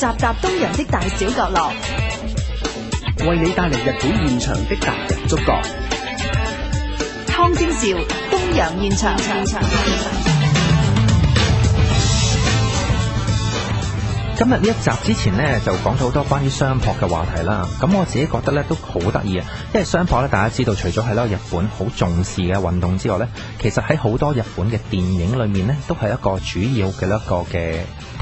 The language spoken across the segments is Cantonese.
集集東洋的大小角落，為你帶嚟日本現場的大人觸覺。湯天兆，東洋現場。今日呢一集之前呢，就講咗好多關於相撲嘅話題啦。咁我自己覺得呢都好得意啊。因為相撲呢，大家知道除咗係呢日本好重視嘅運動之外呢，其實喺好多日本嘅電影裏面呢，都係一個主要嘅一個嘅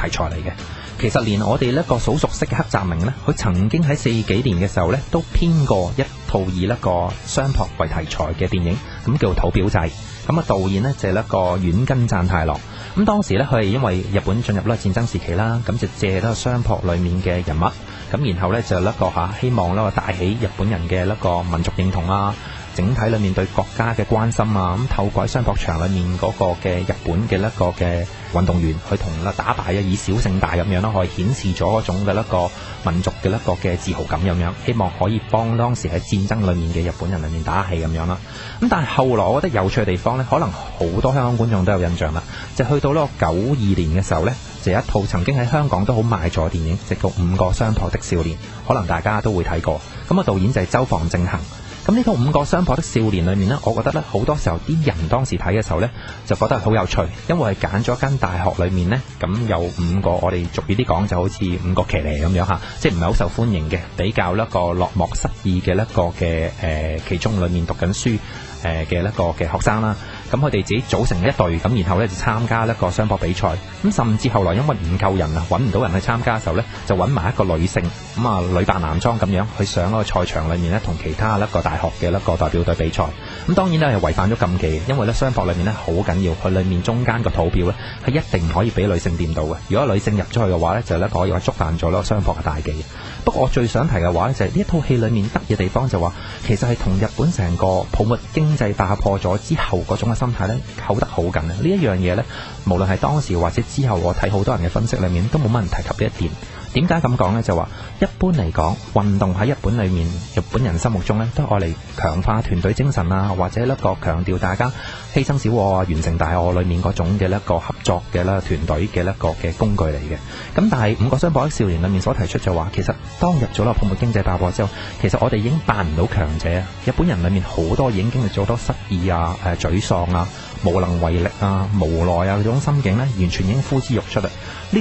題材嚟嘅。其實連我哋呢個所熟悉嘅黑澤明呢，佢曾經喺四幾年嘅時候呢，都編過一套以一個相撲為題材嘅電影，咁叫《土俵祭》。咁啊，導演呢，就係、是、一個遠根讚太郎。咁當時咧，佢係因為日本進入咧戰爭時期啦，咁就借咗個相撲裏面嘅人物，咁然後咧就一個嚇，希望呢咧帶起日本人嘅一個民族認同啦。整體裏面對國家嘅關心啊，咁透過相撲場裏面嗰個嘅日本嘅一個嘅運動員，去同啦打敗啊，以小勝大咁樣啦，可以顯示咗一種嘅一個民族嘅一個嘅自豪感咁樣，希望可以幫當時喺戰爭裏面嘅日本人裏面打氣咁樣啦。咁、嗯、但係後來我覺得有趣嘅地方呢，可能好多香港觀眾都有印象啦，就去到呢個九二年嘅時候呢，就有一套曾經喺香港都好賣座嘅電影，直、就、到、是《五個相撲的少年》，可能大家都會睇過。咁啊，導演就係周防正行。咁呢個五個相撲的少年裏面呢，我覺得呢，好多時候啲人當時睇嘅時候呢，就覺得好有趣，因為揀咗間大學裏面呢，咁有五個我哋俗語啲講就好似五個騎呢咁樣嚇，即係唔係好受歡迎嘅，比較一個落寞失意嘅一個嘅誒、呃、其中裏面讀緊書誒嘅一個嘅學生啦。咁佢哋自己組成一隊，咁然後咧就參加一個相撲比賽。咁甚至後來因為唔夠人啊，揾唔到人去參加嘅時候呢，就揾埋一個女性，咁啊女扮男裝咁樣去上嗰個賽場裏面咧，同其他一個大學嘅一個代表隊比賽。咁當然咧係違反咗禁忌，因為咧相撲裏面咧好緊要，佢裏面中間個土俵咧係一定唔可以俾女性掂到嘅。如果女性入咗去嘅話呢，就咧可以話觸犯咗咧個相撲嘅大忌。不過我最想提嘅話呢，就係、是、呢一套戲裏面得意嘅地方就話，其實係同日本成個泡沫經濟爆破咗之後嗰種。心態咧扣得好緊啊。呢一樣嘢咧，無論係當時或者之後，我睇好多人嘅分析裏面都冇乜人提及呢一點。點解咁講呢？就話、是、一般嚟講，運動喺日本裏面，日本人心目中呢，都愛嚟強化團隊精神啊，或者一個強調大家犧牲小我啊，完成大我裏面嗰種嘅一個合作嘅啦、團隊嘅一個嘅工具嚟嘅。咁但係《五個相撲少年》裏面所提出就話，其實當入咗咧泡沫經濟爆破之後，其實我哋已經扮唔到強者啊。日本人裏面好多已經經歷咗好多失意啊，誒、呃、沮喪啊。無能為力啊，無奈啊嗰種心境咧，完全已經呼之欲出嚟，呢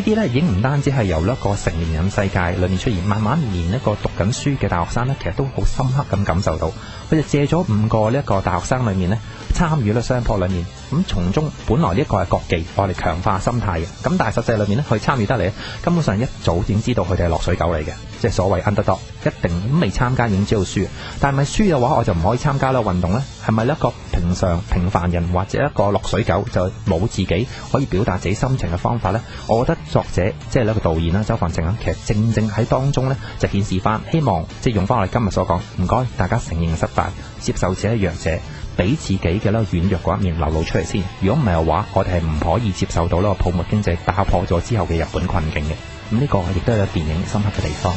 啲咧已經唔單止係由一個成年人世界裏面出現，慢慢連一個讀緊書嘅大學生咧，其實都好深刻咁感受到。佢就借咗五個呢一個大學生裏面咧，參與咧相撲裏面。咁從中本來呢一個係國技，我哋強化心態嘅。咁但係實際裏面咧，佢參與得嚟咧，根本上一早已經知道佢哋係落水狗嚟嘅，即係所謂 underdog，一定未參加已經知道輸。但係輸嘅話，我就唔可以參加啦。運動呢係咪一個平常平凡人或者一個落水狗就冇自己可以表達自己心情嘅方法呢？我覺得作者即係呢個導演啦，周放靜啦，其實正正喺當中呢就顯示翻，希望即係用翻我哋今日所講，唔該大家承認失敗，接受自己弱者，俾自己嘅啦軟弱嗰一面流露出先，如果唔係嘅話，我哋係唔可以接受到呢個泡沫經濟打破咗之後嘅日本困境嘅。咁呢個亦都係有電影深刻嘅地方。